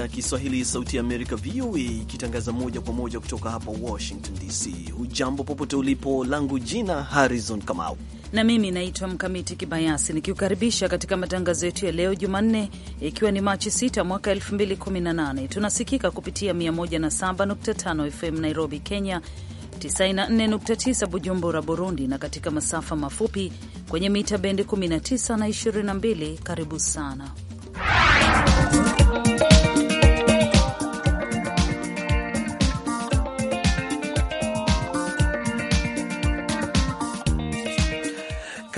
idhaa ya Kiswahili ya Sauti ya Amerika, VOA, ikitangaza moja kwa moja kutoka hapa Washington DC. Hujambo popote ulipo, langu jina Harrison Kamau na mimi naitwa Mkamiti Kibayasi nikiukaribisha katika matangazo yetu ya leo Jumanne, ikiwa ni Machi 6 mwaka 2018. Tunasikika kupitia 107.5 FM Nairobi, Kenya, 94.9 Bujumbura, Burundi, na katika masafa mafupi kwenye mita bendi 19 na 22. Karibu sana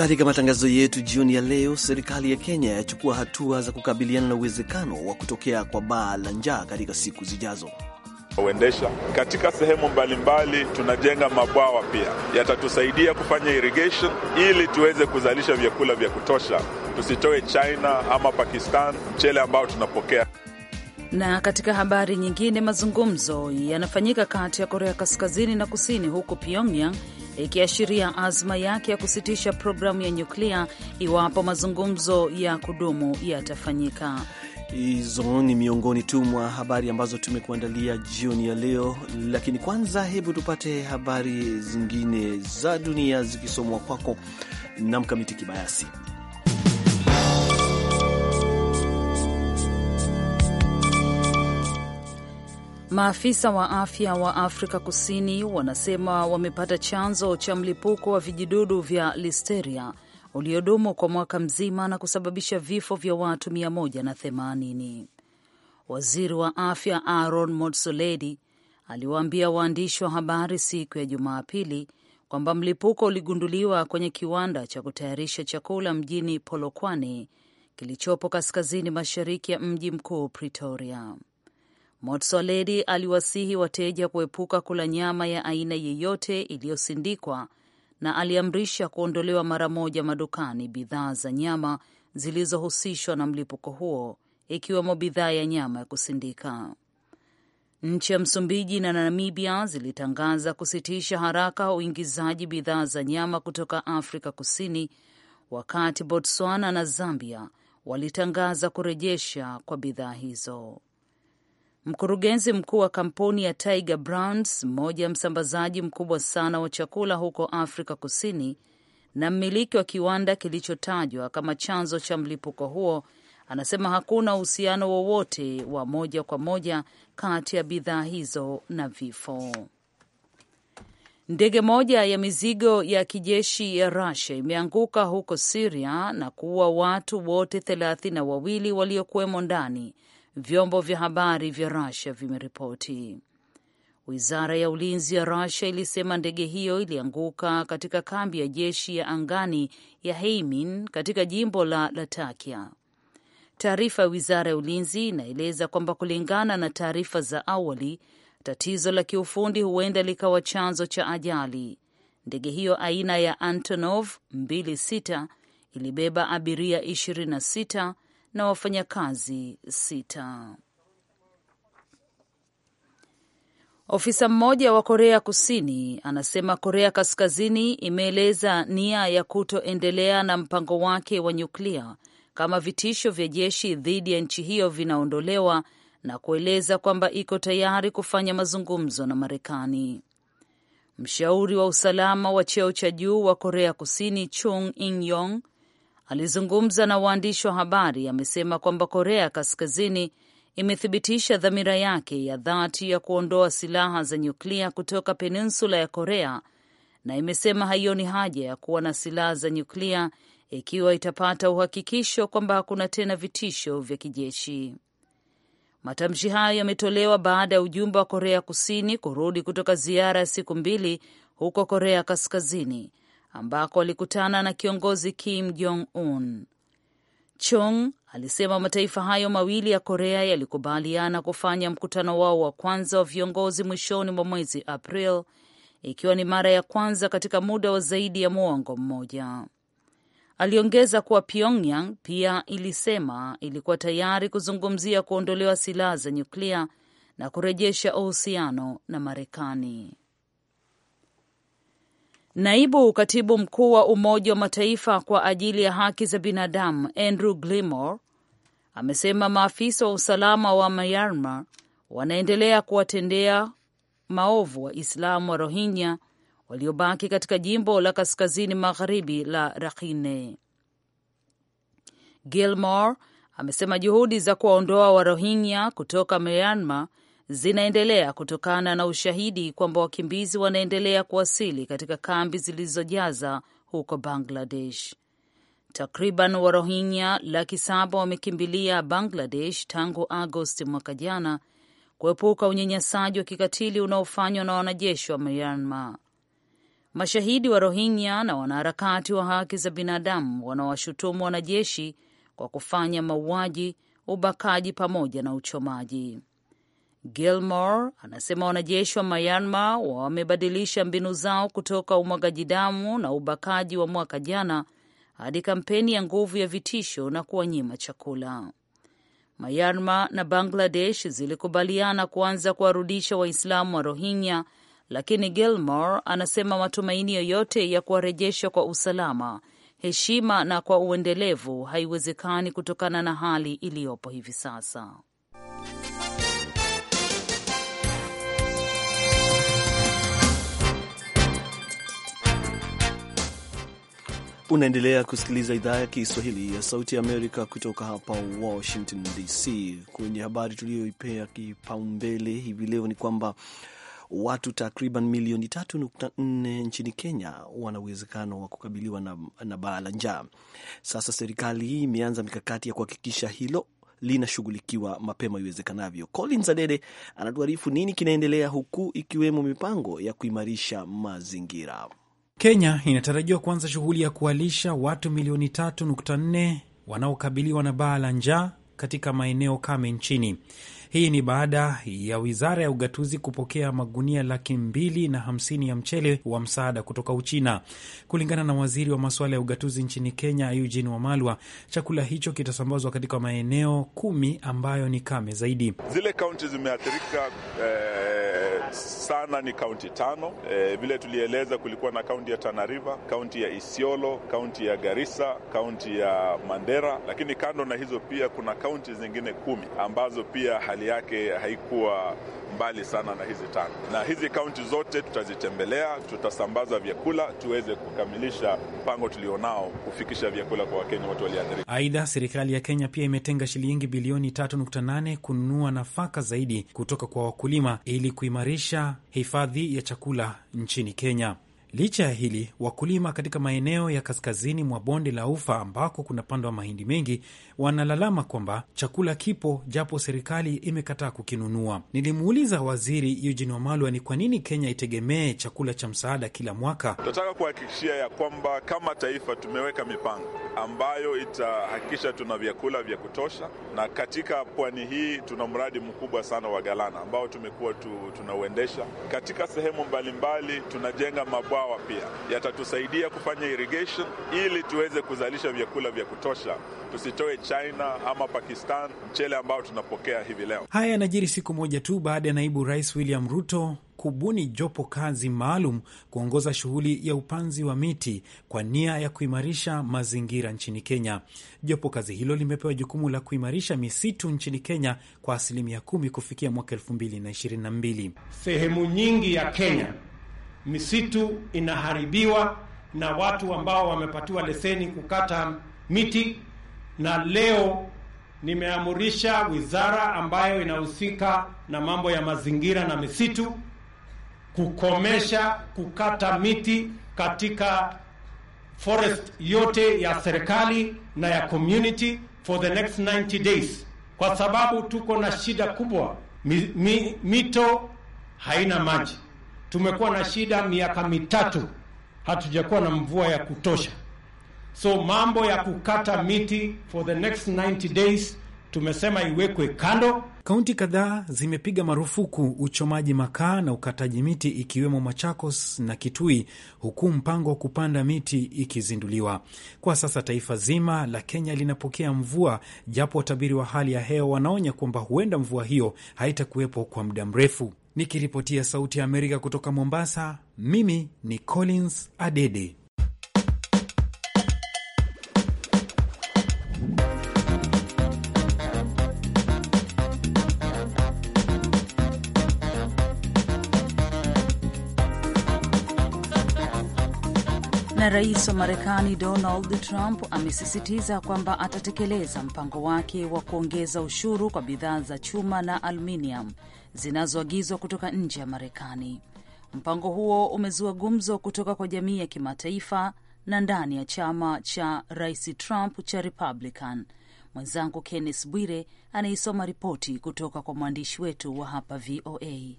Katika matangazo yetu jioni ya leo, serikali ya Kenya yachukua hatua za kukabiliana na uwezekano wa kutokea kwa baa la njaa katika siku zijazo uendesha katika sehemu mbalimbali. Tunajenga mabwawa pia yatatusaidia kufanya irrigation ili tuweze kuzalisha vyakula vya kutosha, tusitoe China ama Pakistan mchele ambao tunapokea. Na katika habari nyingine, mazungumzo yanafanyika kati ya Korea Kaskazini na Kusini huko Pyongyang ikiashiria azma yake ya kusitisha programu ya nyuklia iwapo mazungumzo ya kudumu yatafanyika. Hizo ni miongoni tu mwa habari ambazo tumekuandalia jioni ya leo, lakini kwanza, hebu tupate habari zingine za dunia zikisomwa kwako na Mkamiti Kibayasi. Maafisa wa afya wa Afrika Kusini wanasema wamepata chanzo cha mlipuko wa vijidudu vya listeria uliodumu kwa mwaka mzima na kusababisha vifo vya watu 180. Waziri wa afya Aaron Motsoaledi aliwaambia waandishi wa habari siku ya Jumapili kwamba mlipuko uligunduliwa kwenye kiwanda cha kutayarisha chakula mjini Polokwane kilichopo kaskazini mashariki ya mji mkuu Pretoria. Motsoaledi aliwasihi wateja kuepuka kula nyama ya aina yeyote iliyosindikwa na aliamrisha kuondolewa mara moja madukani bidhaa za nyama zilizohusishwa na mlipuko huo ikiwemo bidhaa ya nyama ya kusindika. Nchi ya Msumbiji na Namibia zilitangaza kusitisha haraka uingizaji bidhaa za nyama kutoka Afrika Kusini, wakati Botswana na Zambia walitangaza kurejesha kwa bidhaa hizo. Mkurugenzi mkuu wa kampuni ya Tiger Brands, mmoja ya msambazaji mkubwa sana wa chakula huko Afrika Kusini na mmiliki wa kiwanda kilichotajwa kama chanzo cha mlipuko huo, anasema hakuna uhusiano wowote wa moja kwa moja kati ya bidhaa hizo na vifo. Ndege moja ya mizigo ya kijeshi ya Rusia imeanguka huko Siria na kuua watu wote thelathini na wawili waliokuwemo ndani vyombo vya habari vya Rusia vimeripoti. Wizara ya ulinzi ya Rusia ilisema ndege hiyo ilianguka katika kambi ya jeshi ya angani ya Heimin katika jimbo la Latakia. Taarifa ya wizara ya ulinzi inaeleza kwamba kulingana na taarifa za awali, tatizo la kiufundi huenda likawa chanzo cha ajali. Ndege hiyo aina ya Antonov 26 ilibeba abiria 26 na wafanyakazi sita. Ofisa mmoja wa Korea Kusini anasema Korea Kaskazini imeeleza nia ya kutoendelea na mpango wake wa nyuklia kama vitisho vya jeshi dhidi ya nchi hiyo vinaondolewa na kueleza kwamba iko tayari kufanya mazungumzo na Marekani. Mshauri wa usalama wa cheo cha juu wa Korea Kusini Chung In Yong Alizungumza na waandishi wa habari, amesema kwamba Korea Kaskazini imethibitisha dhamira yake ya dhati ya kuondoa silaha za nyuklia kutoka peninsula ya Korea na imesema haioni haja ya kuwa na silaha za nyuklia ikiwa itapata uhakikisho kwamba hakuna tena vitisho vya kijeshi. Matamshi hayo yametolewa baada ya ujumbe wa Korea Kusini kurudi kutoka ziara ya siku mbili huko Korea Kaskazini ambako alikutana na kiongozi Kim Jong Un. Chung alisema mataifa hayo mawili ya Korea yalikubaliana kufanya mkutano wao wa kwanza wa viongozi mwishoni mwa mwezi April, ikiwa ni mara ya kwanza katika muda wa zaidi ya mwongo mmoja. Aliongeza kuwa Pyongyang pia ilisema ilikuwa tayari kuzungumzia kuondolewa silaha za nyuklia na kurejesha uhusiano na Marekani. Naibu katibu mkuu wa Umoja wa Mataifa kwa ajili ya haki za binadamu Andrew Glimore amesema maafisa wa usalama wa Myanmar wanaendelea kuwatendea maovu Waislamu wa Rohingya waliobaki katika jimbo la kaskazini magharibi la Rakhine. Gilmore amesema juhudi za kuwaondoa Warohingya kutoka Myanmar zinaendelea kutokana na ushahidi kwamba wakimbizi wanaendelea kuwasili katika kambi zilizojaza huko Bangladesh. Takriban Warohinya laki saba wamekimbilia Bangladesh tangu Agosti mwaka jana kuepuka unyanyasaji wa kikatili unaofanywa na wanajeshi wa Myanmar. Mashahidi wa Rohingya na wanaharakati wa haki za binadamu wanawashutumu wanajeshi kwa kufanya mauaji, ubakaji pamoja na uchomaji. Gilmore anasema wanajeshi wa Myanmar wamebadilisha mbinu zao kutoka umwagaji damu na ubakaji wa mwaka jana hadi kampeni ya nguvu ya vitisho na kuwanyima chakula. Myanmar na Bangladesh zilikubaliana kuanza kuwarudisha Waislamu wa Rohingya, lakini Gilmore anasema matumaini yoyote ya kuwarejesha kwa usalama, heshima na kwa uendelevu haiwezekani kutokana na hali iliyopo hivi sasa. Unaendelea kusikiliza idhaa ya Kiswahili ya Sauti ya Amerika kutoka hapa Washington DC. Kwenye habari tuliyoipea kipaumbele hivi leo ni kwamba watu takriban milioni 3.4 nchini Kenya wana uwezekano wa kukabiliwa na, na baa la njaa. Sasa serikali hii imeanza mikakati ya kuhakikisha hilo linashughulikiwa mapema iwezekanavyo. Collins Adede anatuarifu nini kinaendelea, huku ikiwemo mipango ya kuimarisha mazingira. Kenya inatarajiwa kuanza shughuli ya kuwalisha watu milioni 3.4 wanaokabiliwa na baa la njaa katika maeneo kame nchini. Hii ni baada ya wizara ya ugatuzi kupokea magunia laki mbili na hamsini ya mchele wa msaada kutoka Uchina. Kulingana na waziri wa masuala ya ugatuzi nchini Kenya, Eugene Wamalwa, chakula hicho kitasambazwa katika maeneo kumi ambayo ni kame zaidi. Zile kaunti zimeathirika eh, sana ni kaunti tano eh, vile tulieleza, kulikuwa na kaunti ya Tana River, kaunti ya Isiolo, kaunti ya Garissa, kaunti ya Mandera, lakini kando na hizo pia kuna kaunti zingine kumi ambazo pia hali hali yake haikuwa mbali sana na hizi tano, na hizi kaunti zote tutazitembelea, tutasambaza vyakula tuweze kukamilisha mpango tulionao kufikisha vyakula kwa Wakenya watu waliathirika. Aidha, serikali ya Kenya pia imetenga shilingi bilioni 3.8 kununua nafaka zaidi kutoka kwa wakulima ili kuimarisha hifadhi ya chakula nchini Kenya. Licha ya hili, wakulima katika maeneo ya kaskazini mwa bonde la Ufa ambako kunapandwa mahindi mengi wanalalama kwamba chakula kipo japo serikali imekataa kukinunua. Nilimuuliza Waziri Eugene Wamalwa ni kwa nini Kenya itegemee chakula cha msaada kila mwaka. Tunataka kuhakikishia ya kwamba kama taifa tumeweka mipango ambayo itahakikisha tuna vyakula vya kutosha, na katika pwani hii tuna mradi mkubwa sana wa Galana ambao tumekuwa tu, tunauendesha katika sehemu mbalimbali, tunajenga mabwa mabwawa pia yatatusaidia kufanya irrigation ili tuweze kuzalisha vyakula vya kutosha, tusitoe China ama Pakistan mchele ambao tunapokea hivi leo. Haya yanajiri siku moja tu baada ya naibu rais William Ruto kubuni jopo kazi maalum kuongoza shughuli ya upanzi wa miti kwa nia ya kuimarisha mazingira nchini Kenya. Jopo kazi hilo limepewa jukumu la kuimarisha misitu nchini Kenya kwa asilimia kumi kufikia mwaka elfu mbili na ishirini na mbili. Sehemu nyingi ya Kenya misitu inaharibiwa na watu ambao wamepatiwa leseni kukata miti, na leo nimeamurisha wizara ambayo inahusika na mambo ya mazingira na misitu kukomesha kukata miti katika forest yote ya serikali na ya community for the next 90 days, kwa sababu tuko na shida kubwa mi, mi, mito haina maji tumekuwa na shida miaka mitatu, hatujakuwa na mvua ya kutosha. So mambo ya kukata miti for the next 90 days tumesema iwekwe kando. Kaunti kadhaa zimepiga marufuku uchomaji makaa na ukataji miti ikiwemo Machakos na Kitui, huku mpango wa kupanda miti ikizinduliwa. Kwa sasa taifa zima la Kenya linapokea mvua, japo watabiri wa hali ya hewa wanaonya kwamba huenda mvua hiyo haitakuwepo kwa muda mrefu. Nikiripotia Sauti ya Amerika kutoka Mombasa, mimi ni Collins Adede. Na rais wa Marekani Donald Trump amesisitiza kwamba atatekeleza mpango wake wa kuongeza ushuru kwa bidhaa za chuma na aluminium zinazoagizwa kutoka nje ya Marekani. Mpango huo umezua gumzo kutoka kwa jamii ya kimataifa na ndani ya chama cha Rais Trump cha Republican. Mwenzangu Kenneth Bwire anaisoma ripoti kutoka kwa mwandishi wetu wa hapa VOA.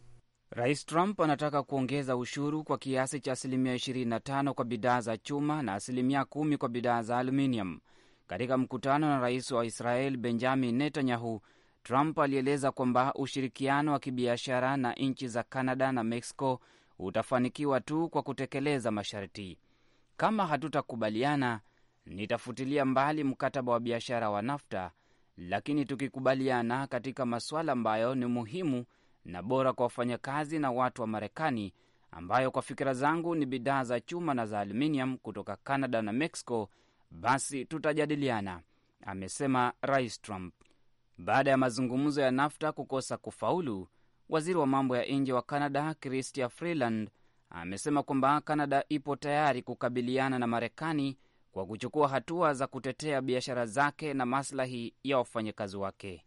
Rais Trump anataka kuongeza ushuru kwa kiasi cha asilimia 25 kwa bidhaa za chuma na asilimia kumi kwa bidhaa za aluminium. Katika mkutano na rais wa Israel Benjamin Netanyahu, Trump alieleza kwamba ushirikiano wa kibiashara na nchi za Canada na Mexico utafanikiwa tu kwa kutekeleza masharti. Kama hatutakubaliana, nitafutilia mbali mkataba wa biashara wa NAFTA, lakini tukikubaliana katika masuala ambayo ni muhimu na bora kwa wafanyakazi na watu wa Marekani, ambayo kwa fikira zangu ni bidhaa za chuma na za aluminium kutoka Canada na Mexico, basi tutajadiliana, amesema Rais Trump baada ya mazungumzo ya NAFTA kukosa kufaulu. Waziri wa mambo ya nje wa Canada Chrystia Freeland amesema kwamba Canada ipo tayari kukabiliana na Marekani kwa kuchukua hatua za kutetea biashara zake na maslahi ya wafanyakazi wake.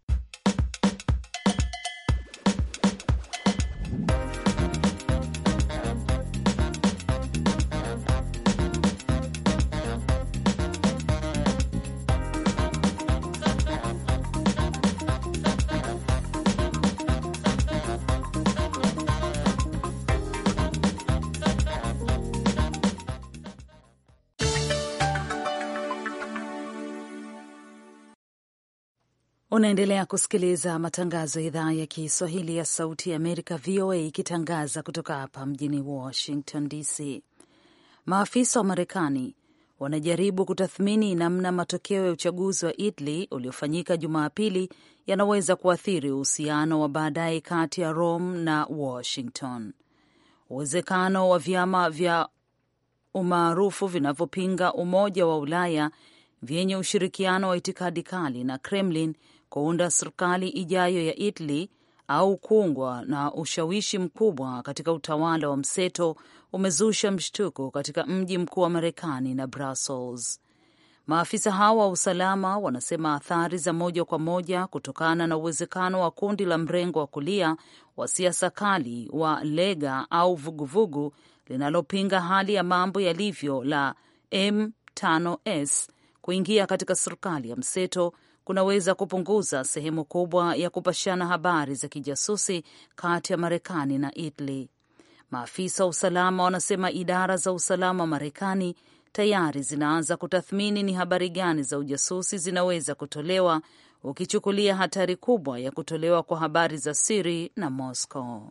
Unaendelea kusikiliza matangazo ya idhaa ya Kiswahili ya Sauti ya Amerika, VOA, ikitangaza kutoka hapa mjini Washington DC. Maafisa wa Marekani wanajaribu kutathmini namna matokeo ya uchaguzi wa Italy uliofanyika Jumapili yanaweza kuathiri uhusiano wa baadaye kati ya Rome na Washington. Uwezekano wa vyama vya umaarufu vinavyopinga Umoja wa Ulaya vyenye ushirikiano wa itikadi kali na Kremlin kuunda serikali ijayo ya Italy au kungwa na ushawishi mkubwa katika utawala wa mseto umezusha mshtuko katika mji mkuu wa Marekani na Brussels. Maafisa hawa wa usalama wanasema athari za moja kwa moja kutokana na uwezekano wa kundi la mrengo wa kulia wa siasa kali wa Lega au vuguvugu linalopinga hali ya mambo yalivyo la M5S kuingia katika serikali ya mseto kunaweza kupunguza sehemu kubwa ya kupashana habari za kijasusi kati ya Marekani na Italy. Maafisa wa usalama wanasema idara za usalama wa Marekani tayari zinaanza kutathmini ni habari gani za ujasusi zinaweza kutolewa, ukichukulia hatari kubwa ya kutolewa kwa habari za siri na Moscow.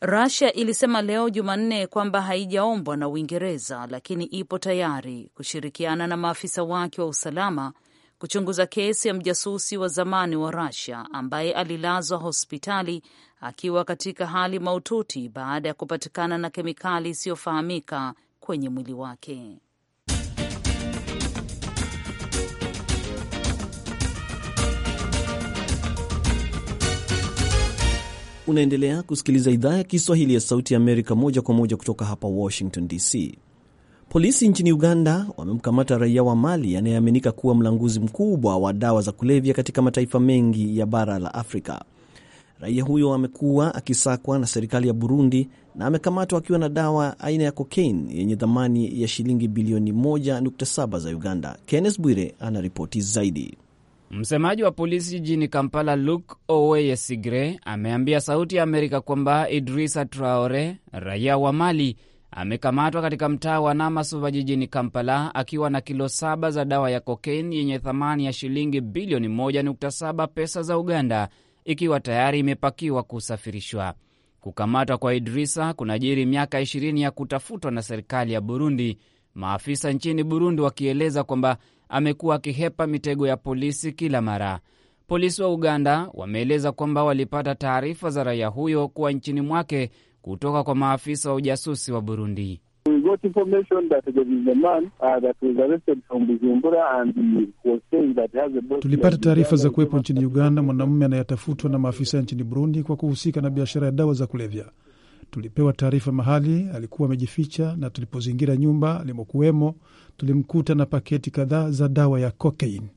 rasia ilisema leo Jumanne kwamba haijaombwa na Uingereza lakini ipo tayari kushirikiana na maafisa wake wa usalama kuchunguza kesi ya mjasusi wa zamani wa Rusia ambaye alilazwa hospitali akiwa katika hali mahututi baada ya kupatikana na kemikali isiyofahamika kwenye mwili wake. Unaendelea kusikiliza idhaa ya Kiswahili ya Sauti ya Amerika moja kwa moja kutoka hapa Washington DC. Polisi nchini Uganda wamemkamata raia wa Mali anayeaminika kuwa mlanguzi mkubwa wa dawa za kulevya katika mataifa mengi ya bara la Afrika. Raia huyo amekuwa akisakwa na serikali ya Burundi na amekamatwa akiwa na dawa aina ya kokaini yenye thamani ya shilingi bilioni 1.7 za Uganda. Kenneth Bwire anaripoti zaidi. Msemaji wa polisi jijini Kampala, Luke Oweyesigre, ameambia Sauti ya Amerika kwamba Idrisa Traore, raia wa Mali, amekamatwa katika mtaa wa namasuva jijini Kampala akiwa na kilo saba za dawa ya kokeini yenye thamani ya shilingi bilioni 1.7 pesa za Uganda, ikiwa tayari imepakiwa kusafirishwa. Kukamatwa kwa Idrisa kunajiri miaka 20 ya kutafutwa na serikali ya Burundi, maafisa nchini Burundi wakieleza kwamba amekuwa akihepa mitego ya polisi kila mara. Polisi wa Uganda wameeleza kwamba walipata taarifa za raia huyo kuwa nchini mwake kutoka kwa maafisa wa ujasusi wa Burundi. Uh, Tulipata taarifa za kuwepo nchini Uganda mwanamume anayetafutwa na maafisa nchini Burundi kwa kuhusika na biashara ya dawa za kulevya. Tulipewa taarifa mahali alikuwa amejificha, na tulipozingira nyumba limokuwemo tulimkuta na paketi kadhaa za dawa ya kokaini.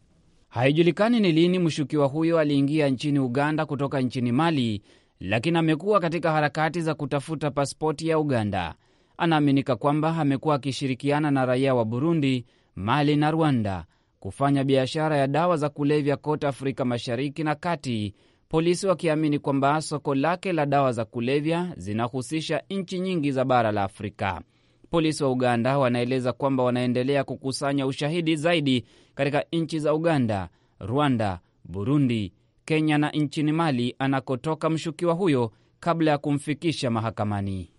Haijulikani ni lini mshukiwa huyo aliingia nchini Uganda kutoka nchini Mali lakini amekuwa katika harakati za kutafuta pasipoti ya Uganda. Anaaminika kwamba amekuwa akishirikiana na raia wa Burundi, Mali na Rwanda kufanya biashara ya dawa za kulevya kote Afrika Mashariki na Kati, polisi wakiamini kwamba soko lake la dawa za kulevya zinahusisha nchi nyingi za bara la Afrika. Polisi wa Uganda wanaeleza kwamba wanaendelea kukusanya ushahidi zaidi katika nchi za Uganda, Rwanda, Burundi, Kenya na nchini Mali anakotoka mshukiwa huyo kabla ya kumfikisha mahakamani.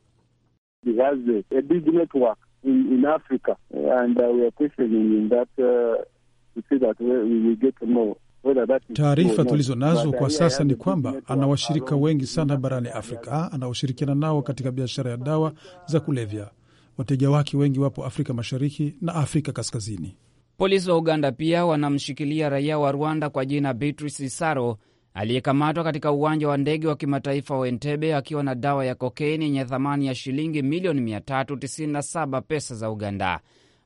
Taarifa tulizo nazo uh, kwa sasa ni kwamba ana washirika wengi sana barani Afrika anaoshirikiana nao katika biashara ya dawa za kulevya. Wateja wake wengi wapo Afrika Mashariki na Afrika Kaskazini. Polisi wa Uganda pia wanamshikilia raia wa Rwanda kwa jina Beatrice Isaro aliyekamatwa katika uwanja wa ndege wa kimataifa wa Entebbe akiwa na dawa ya kokeini yenye thamani ya shilingi milioni 397 pesa za Uganda.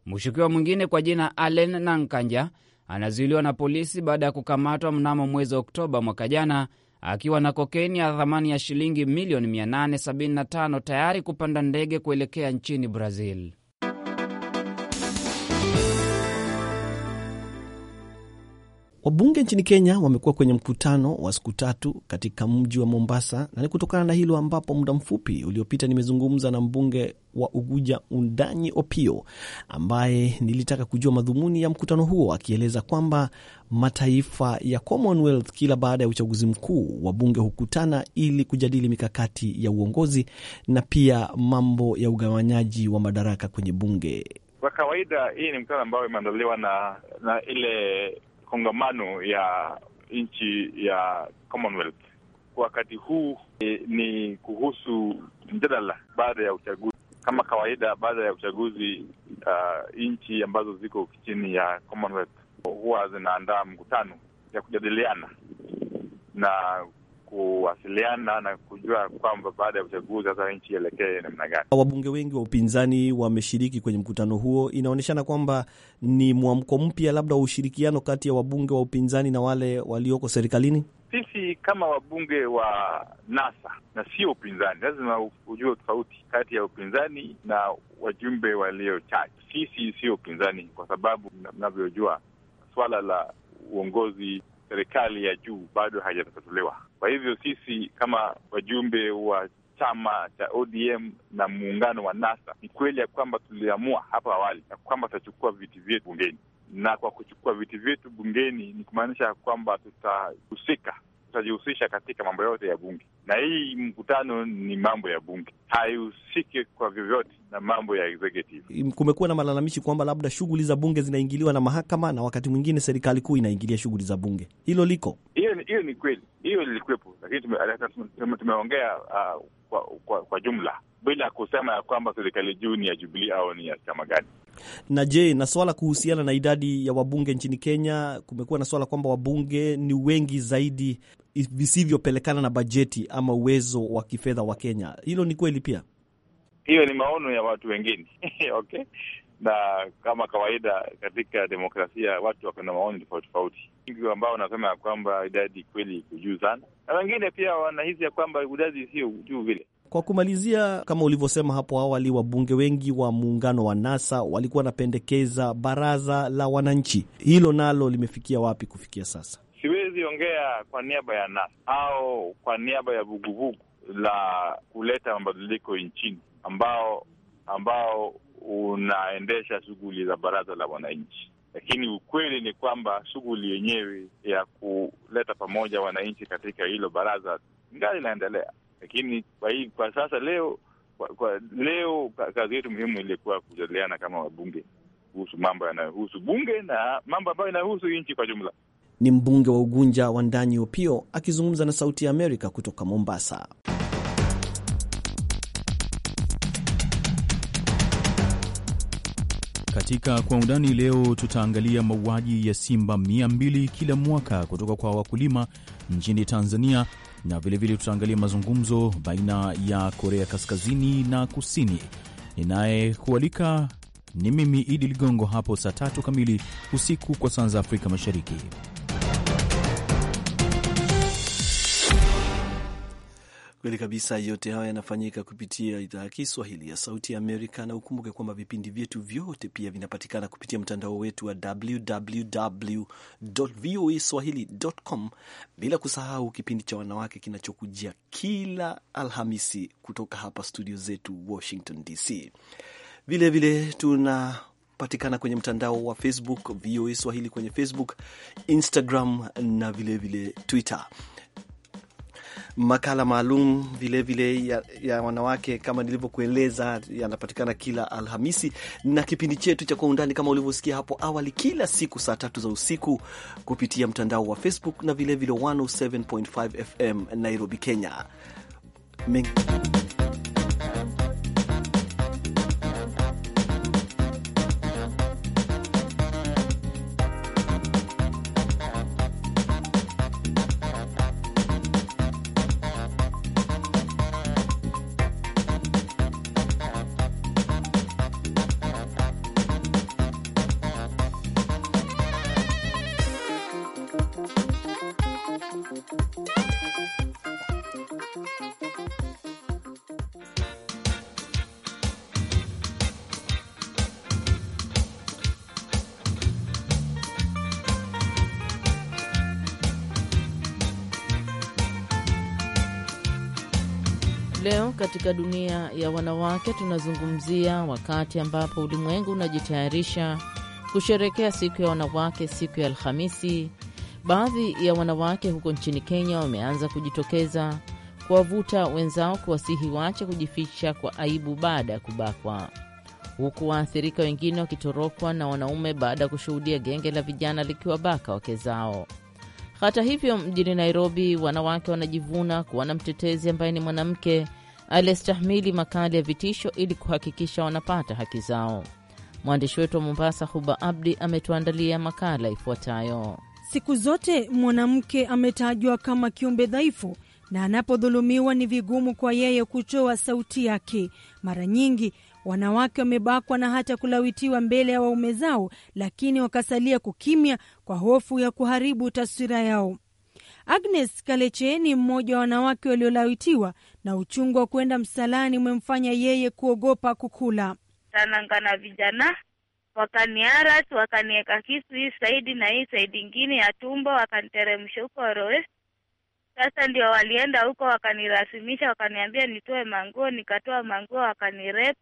Mshukiwa mwingine kwa jina Allen Nankanja anazuiliwa na polisi baada ya kukamatwa mnamo mwezi Oktoba mwaka jana akiwa na kokeini ya thamani ya shilingi milioni 875 tayari kupanda ndege kuelekea nchini Brazil. Wabunge nchini Kenya wamekuwa kwenye mkutano wa siku tatu katika mji wa Mombasa, na ni kutokana na hilo ambapo muda mfupi uliopita nimezungumza na mbunge wa Uguja Undanyi Opio ambaye nilitaka kujua madhumuni ya mkutano huo, akieleza kwamba mataifa ya Commonwealth kila baada ya uchaguzi mkuu wabunge hukutana ili kujadili mikakati ya uongozi na pia mambo ya ugawanyaji wa madaraka kwenye bunge. Kwa kawaida hii ni mkutano ambayo imeandaliwa na na ile kongamano ya nchi ya Commonwealth wakati huu e, ni kuhusu mjadala baada ya uchaguzi. Kama kawaida, baada ya uchaguzi uh, nchi ambazo ziko chini ya Commonwealth huwa zinaandaa mkutano ya kujadiliana na kuwasiliana na kujua kwamba baada ya uchaguzi sasa nchi ielekee namna gani. Wabunge wengi wa upinzani wameshiriki kwenye mkutano huo, inaonyeshana kwamba ni mwamko mpya, labda wa ushirikiano kati ya wabunge wa upinzani na wale walioko serikalini. Sisi kama wabunge wa NASA na sio upinzani, lazima ujue tofauti kati ya upinzani na wajumbe walio chache. Sisi sio upinzani, kwa sababu mnavyojua swala la uongozi serikali ya juu bado hajatatuliwa. Kwa hivyo sisi kama wajumbe wa chama cha ODM na muungano wa NASA, ni kweli ya kwamba tuliamua hapo awali ya kwamba tutachukua viti vyetu bungeni, na kwa kuchukua viti vyetu bungeni ni kumaanisha ya kwamba tutahusika tutajihusisha katika mambo yote ya bunge, na hii mkutano ni mambo ya bunge, haihusiki kwa vyovyote na mambo ya executive. Kumekuwa na malalamishi kwamba labda shughuli za bunge zinaingiliwa na mahakama na wakati mwingine serikali kuu inaingilia shughuli za bunge. Hilo liko hiyo, hiyo ni kweli, hiyo lilikuwepo, lakini tumeongea uh, kwa, kwa, kwa jumla bila kusema ya kwamba serikali juu ni ya Jubilee au ni ya chama gani. Na je, na swala kuhusiana na idadi ya wabunge nchini Kenya, kumekuwa na swala kwamba wabunge ni wengi zaidi visivyopelekana na bajeti ama uwezo wa kifedha wa Kenya. Hilo ni kweli pia? Hiyo ni maono ya watu wengine okay. Na kama kawaida katika demokrasia watu wako na maoni tofauti tofauti, wengi ambao wanasema ya kwamba idadi kweli iko juu sana, na wengine pia wanahisi ya kwamba idadi sio juu vile. Kwa kumalizia, kama ulivyosema hapo awali, wabunge wengi wa muungano wa NASA walikuwa wanapendekeza baraza la wananchi. Hilo nalo limefikia wapi kufikia sasa? Siwezi ongea kwa niaba ya NASA au kwa niaba ya vuguvugu la kuleta mabadiliko nchini ambao ambao unaendesha shughuli za baraza la wananchi, lakini ukweli ni kwamba shughuli yenyewe ya kuleta pamoja wananchi katika hilo baraza ingali inaendelea lakini kwa hii kwa sasa leo kwa, kwa leo kazi yetu muhimu ilikuwa kujadiliana kama wabunge kuhusu mambo yanayohusu bunge na mambo ambayo yanayohusu nchi kwa jumla. Ni mbunge wa Ugunja wa ndani Opio akizungumza na Sauti ya Amerika kutoka Mombasa. Katika Kwa Undani leo tutaangalia mauaji ya simba mia mbili kila mwaka kutoka kwa wakulima nchini Tanzania na vilevile tutaangalia mazungumzo baina ya Korea Kaskazini na Kusini. Ninayekualika ni mimi Idi Ligongo hapo saa tatu kamili usiku kwa saa za Afrika Mashariki. Kweli kabisa, yote haya yanafanyika kupitia idhaa ya Kiswahili ya Sauti ya Amerika, na ukumbuke kwamba vipindi vyetu vyote pia vinapatikana kupitia mtandao wetu wa www.voaswahili.com, bila kusahau kipindi cha wanawake kinachokujia kila Alhamisi kutoka hapa studio zetu Washington DC. Vilevile tuna patikana kwenye mtandao wa Facebook VOA Swahili kwenye Facebook, Instagram na vilevile vile Twitter makala maalum vilevile ya, ya wanawake kama nilivyokueleza, yanapatikana kila Alhamisi na kipindi chetu cha Kwa Undani kama ulivyosikia hapo awali, kila siku saa tatu za usiku kupitia mtandao wa Facebook na vilevile 107.5 FM Nairobi, Kenya Meng katika dunia ya wanawake tunazungumzia wakati ambapo ulimwengu unajitayarisha kusherekea siku ya wanawake, siku ya Alhamisi. Baadhi ya wanawake huko nchini Kenya wameanza kujitokeza kuwavuta wenzao kuwasihi wache kujificha kwa aibu baada ya kubakwa, huku waathirika wengine wakitorokwa na wanaume baada ya kushuhudia genge la vijana likiwabaka wake zao. Hata hivyo, mjini Nairobi wanawake wanajivuna kuwa na mtetezi ambaye ni mwanamke aliyestahimili makali ya vitisho ili kuhakikisha wanapata haki zao. Mwandishi wetu wa Mombasa, Huba Abdi, ametuandalia makala ifuatayo. Siku zote mwanamke ametajwa kama kiumbe dhaifu na anapodhulumiwa ni vigumu kwa yeye kutoa sauti yake. Mara nyingi wanawake wamebakwa na hata kulawitiwa mbele ya waume zao, lakini wakasalia kukimya kwa hofu ya kuharibu taswira yao. Agnes Kaleche ni mmoja wa wanawake waliolawitiwa na uchungu wa kwenda msalani umemfanya yeye kuogopa kukula tanangana vijana wakaniarat wakanieka kisu hii saidi na hii saidi ingine ya tumbo, wakaniteremsha huko roe. Sasa ndio walienda huko wakanirasimisha, wakaniambia nitoe manguo, nikatoa manguo, wakanirep.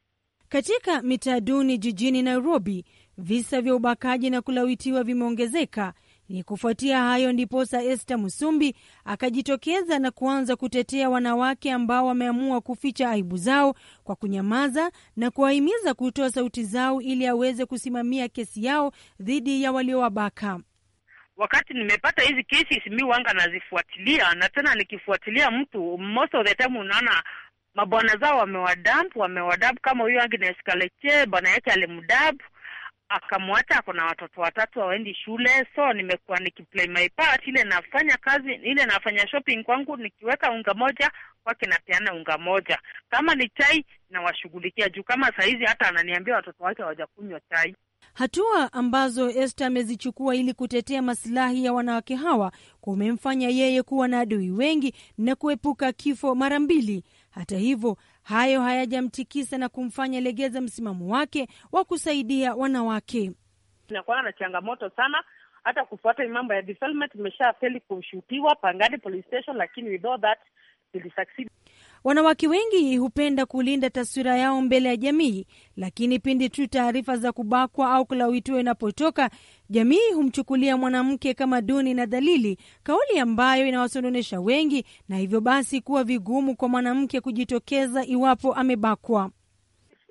Katika mitaa duni jijini Nairobi, visa vya ubakaji na kulawitiwa vimeongezeka ni kufuatia hayo ndiposa Esther Musumbi akajitokeza na kuanza kutetea wanawake ambao wameamua kuficha aibu zao kwa kunyamaza na kuwahimiza kutoa sauti zao ili aweze kusimamia kesi yao dhidi ya waliowabaka. Wakati nimepata hizi kesi, mi wanga nazifuatilia, na tena nikifuatilia mtu, most of the time unaona mabwana zao wamewadamp, wamewadamp kama huyo Agnes Kaleche, bwana yake alimdamp akamwacha, ako na watoto watatu hawaendi shule, so nimekuwa nikiplay my part ile nafanya kazi ile nafanya shopping kwangu, nikiweka unga moja kwake napeana unga moja, kama ni chai nawashughulikia, juu kama sahizi hata ananiambia watoto wake hawajakunywa chai. Hatua ambazo Esther amezichukua ili kutetea masilahi ya wanawake hawa kumemfanya yeye kuwa na adui wengi na kuepuka kifo mara mbili. Hata hivyo, hayo hayajamtikisa na kumfanya legeza msimamo wake wa kusaidia wanawake. Inakuwa na changamoto sana hata kufuata mambo ya development. feli kushutiwa Pangani police station, lakini that tulisucceed. Wanawake wengi hupenda kulinda taswira yao mbele ya jamii, lakini pindi tu taarifa za kubakwa au kulawitiwa inapotoka, jamii humchukulia mwanamke kama duni na dalili, kauli ambayo inawasononesha wengi, na hivyo basi kuwa vigumu kwa mwanamke kujitokeza iwapo amebakwa.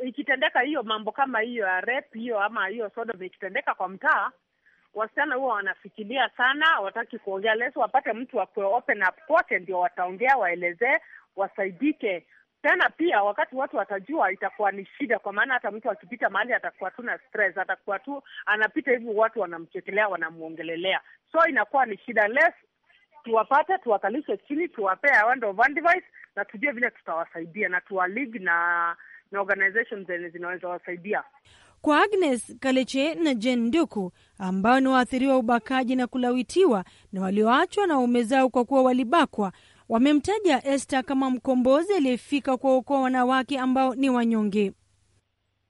Ikitendeka hiyo mambo kama hiyo ya rep hiyo ama hiyo sodo ikitendeka kwa mtaa, wasichana huwa wanafikilia sana, wataki kuongea lesi wapate mtu wakuwe open up kote, ndio wataongea, waelezee wasaidike. Tena pia wakati watu watajua, itakuwa ni shida, kwa maana hata mtu akipita mahali atakuwa tu na stress, atakuwa tu anapita hivi, watu wanamchekelea, wanamwongelelea, so inakuwa ni shida less tuwapate tuwakalishe chini, tuwapee awando of na tujue vile tutawasaidia na tuwaligi na na organizations zenye zinaweza wasaidia. Kwa Agnes Kaleche na Jen Nduku ambao ni waathiriwa ubakaji na kulawitiwa na walioachwa na waume zao kwa kuwa walibakwa, Wamemtaja este kama mkombozi aliyefika kuwaokoa wanawake ambao ni wanyonge.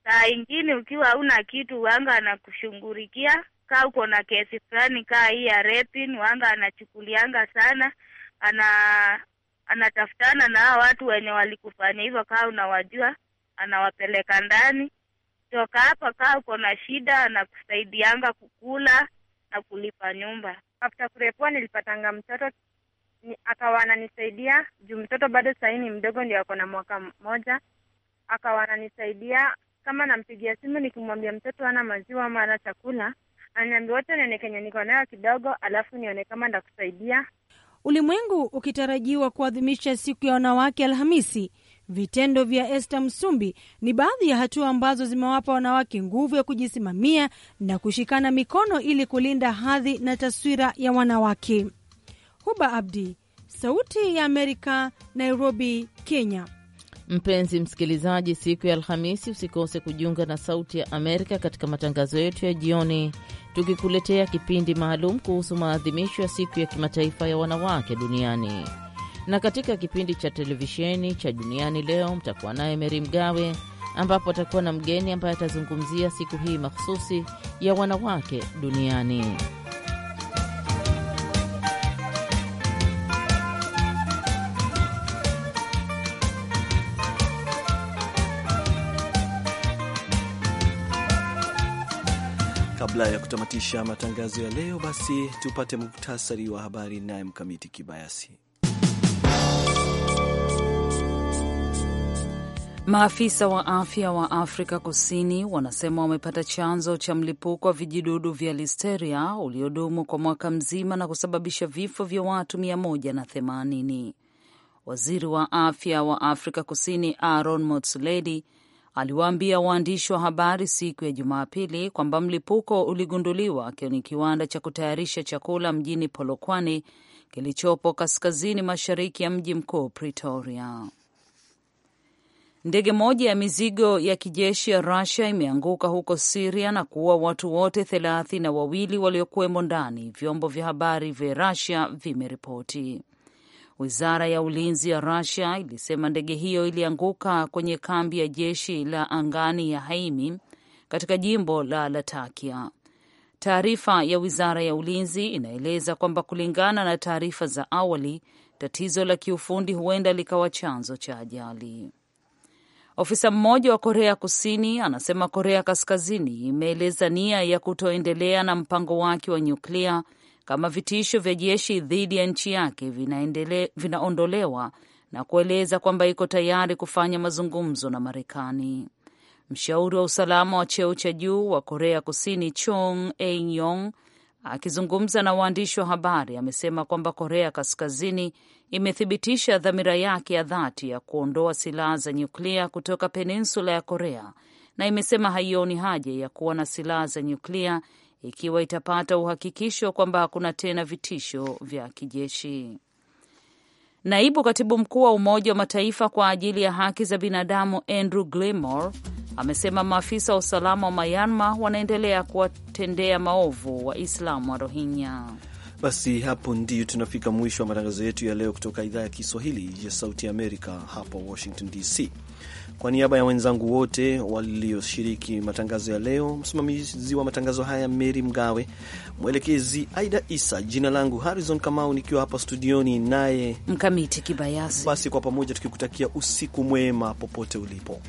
Saa ingine ukiwa hauna kitu, wanga anakushughulikia. Kaa uko na kesi fulani, kaa hii ya repin, wanga anachukulianga sana, ana anatafutana na hao watu wenye walikufanya hivyo, kaa unawajua, anawapeleka ndani. Toka hapa, kaa uko na shida, anakusaidianga kukula na kulipa nyumba. After kurepua nilipatanga mtoto ni, akawa ananisaidia juu mtoto bado sahii ni mdogo, ndio ako na mwaka mmoja. Akawa ananisaidia kama nampigia simu nikimwambia mtoto ana maziwa ama ana chakula, ananiambia wote nione kenye niko nayo kidogo, alafu nione kama ndakusaidia. Ulimwengu ukitarajiwa kuadhimisha siku ya wanawake Alhamisi, vitendo vya este Msumbi ni baadhi ya hatua ambazo zimewapa wanawake nguvu ya kujisimamia na kushikana mikono ili kulinda hadhi na taswira ya wanawake. Huba Abdi, Sauti ya Amerika, Nairobi, Kenya. Mpenzi msikilizaji, siku ya Alhamisi usikose kujiunga na Sauti ya Amerika katika matangazo yetu ya jioni, tukikuletea kipindi maalum kuhusu maadhimisho ya siku ya kimataifa ya wanawake duniani, na katika kipindi cha televisheni cha Duniani Leo mtakuwa naye Meri Mgawe, ambapo atakuwa na mgeni ambaye atazungumzia siku hii makhususi ya wanawake duniani. Kabla ya kutamatisha matangazo ya leo, basi tupate muktasari wa habari naye Mkamiti Kibayasi. Maafisa wa afya wa Afrika Kusini wanasema wamepata chanzo cha mlipuko wa vijidudu vya listeria uliodumu kwa mwaka mzima na kusababisha vifo vya watu 180. Waziri wa afya wa Afrika Kusini Aaron Motsoaledi aliwaambia waandishi wa habari siku ya Jumapili kwamba mlipuko uligunduliwa kwenye kiwanda cha kutayarisha chakula mjini Polokwane kilichopo kaskazini mashariki ya mji mkuu Pretoria. Ndege moja ya mizigo ya kijeshi ya Rusia imeanguka huko Siria na kuua watu wote thelathini na wawili waliokuwemo ndani, vyombo vya habari vya Rusia vimeripoti. Wizara ya ulinzi ya Rusia ilisema ndege hiyo ilianguka kwenye kambi ya jeshi la angani ya Haimi katika jimbo la Latakia. Taarifa ya wizara ya ulinzi inaeleza kwamba kulingana na taarifa za awali, tatizo la kiufundi huenda likawa chanzo cha ajali. Ofisa mmoja wa Korea Kusini anasema Korea Kaskazini imeeleza nia ya kutoendelea na mpango wake wa nyuklia kama vitisho vya jeshi dhidi ya nchi yake vinaondolewa na kueleza kwamba iko tayari kufanya mazungumzo na Marekani. Mshauri wa usalama wa cheo cha juu wa Korea Kusini Chung eui akizungumza na waandishi wa habari amesema kwamba Korea Kaskazini imethibitisha dhamira yake ya dhati ya kuondoa silaha za nyuklia kutoka peninsula ya Korea na imesema haioni haja ya kuwa na silaha za nyuklia ikiwa itapata uhakikisho kwamba hakuna tena vitisho vya kijeshi. Naibu katibu mkuu wa Umoja wa Mataifa kwa ajili ya haki za binadamu Andrew Gilmore amesema maafisa wa usalama wa Myanmar wanaendelea kuwatendea maovu Waislamu wa Rohingya. Basi hapo ndio tunafika mwisho wa matangazo yetu ya leo kutoka idhaa ya Kiswahili ya Sauti Amerika hapa Washington DC. Kwa niaba ya wenzangu wote walioshiriki matangazo ya leo, msimamizi wa matangazo haya Meri Mgawe, mwelekezi Aida Isa, jina langu Harrison Kamau nikiwa hapa studioni naye Mkamiti Kibayasi, basi kwa pamoja tukikutakia usiku mwema popote ulipo.